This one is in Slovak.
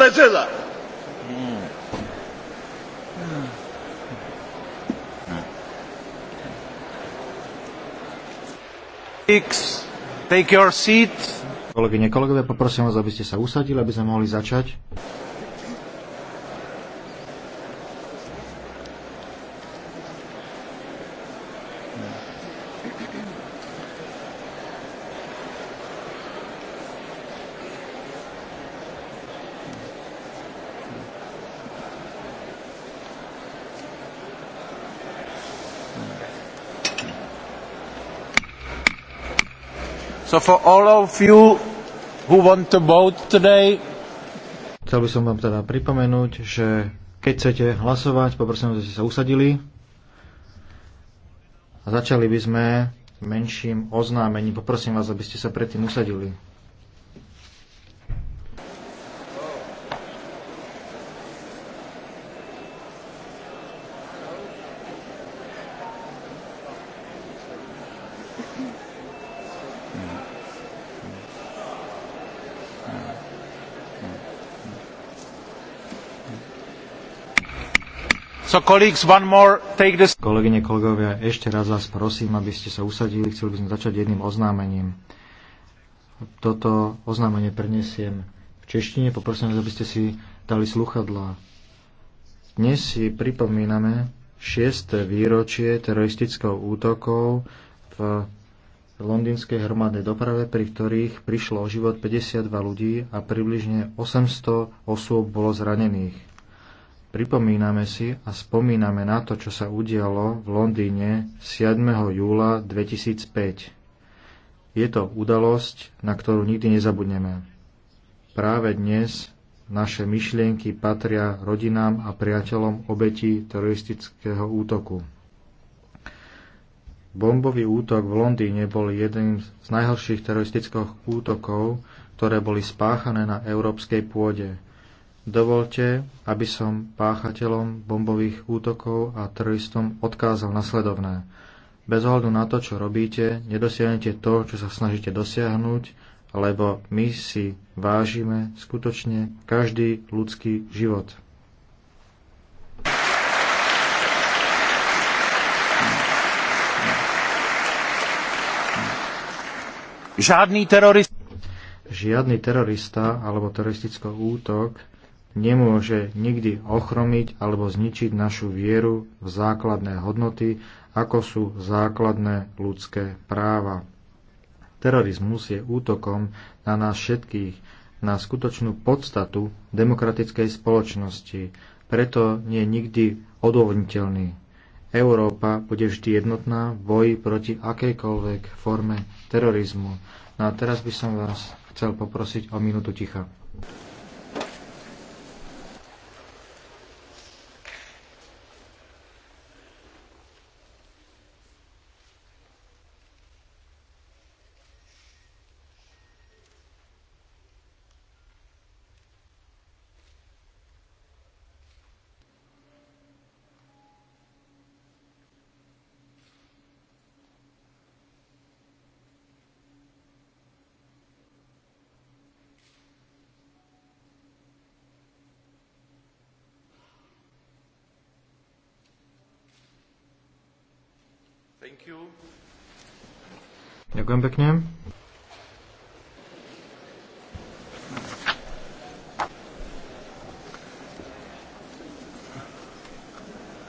predseda. X, take your seat. Kolegyne, kolegové, poprosím vás, aby ste sa usadili, aby sme mohli začať. So for all of you who want to vote today, Chcel by som vám teda pripomenúť, že keď chcete hlasovať, poprosím, aby ste sa usadili. A začali by sme menším oznámením. Poprosím vás, aby ste sa predtým usadili. So colleagues, one more, take this... Kolegyne, kolegovia, ešte raz vás prosím, aby ste sa usadili. Chceli by sme začať jedným oznámením. Toto oznámenie prenesiem v češtine. Poprosím vás, aby ste si dali sluchadla. Dnes si pripomíname 6. výročie teroristického útokov v londýnskej hromadnej doprave, pri ktorých prišlo o život 52 ľudí a približne 800 osôb bolo zranených. Pripomíname si a spomíname na to, čo sa udialo v Londýne 7. júla 2005. Je to udalosť, na ktorú nikdy nezabudneme. Práve dnes naše myšlienky patria rodinám a priateľom obetí teroristického útoku. Bombový útok v Londýne bol jedným z najhorších teroristických útokov, ktoré boli spáchané na európskej pôde – Dovolte, aby som páchateľom bombových útokov a teroristom odkázal nasledovné. Bez ohľadu na to, čo robíte, nedosiahnete to, čo sa snažíte dosiahnuť, lebo my si vážime skutočne každý ľudský život. Žiadny terorista. Žiadny terorista alebo teroristický útok nemôže nikdy ochromiť alebo zničiť našu vieru v základné hodnoty, ako sú základné ľudské práva. Terorizmus je útokom na nás všetkých, na skutočnú podstatu demokratickej spoločnosti, preto nie je nikdy odovniteľný. Európa bude vždy jednotná v boji proti akejkoľvek forme terorizmu. No a teraz by som vás chcel poprosiť o minútu ticha. Ďakujem pekne.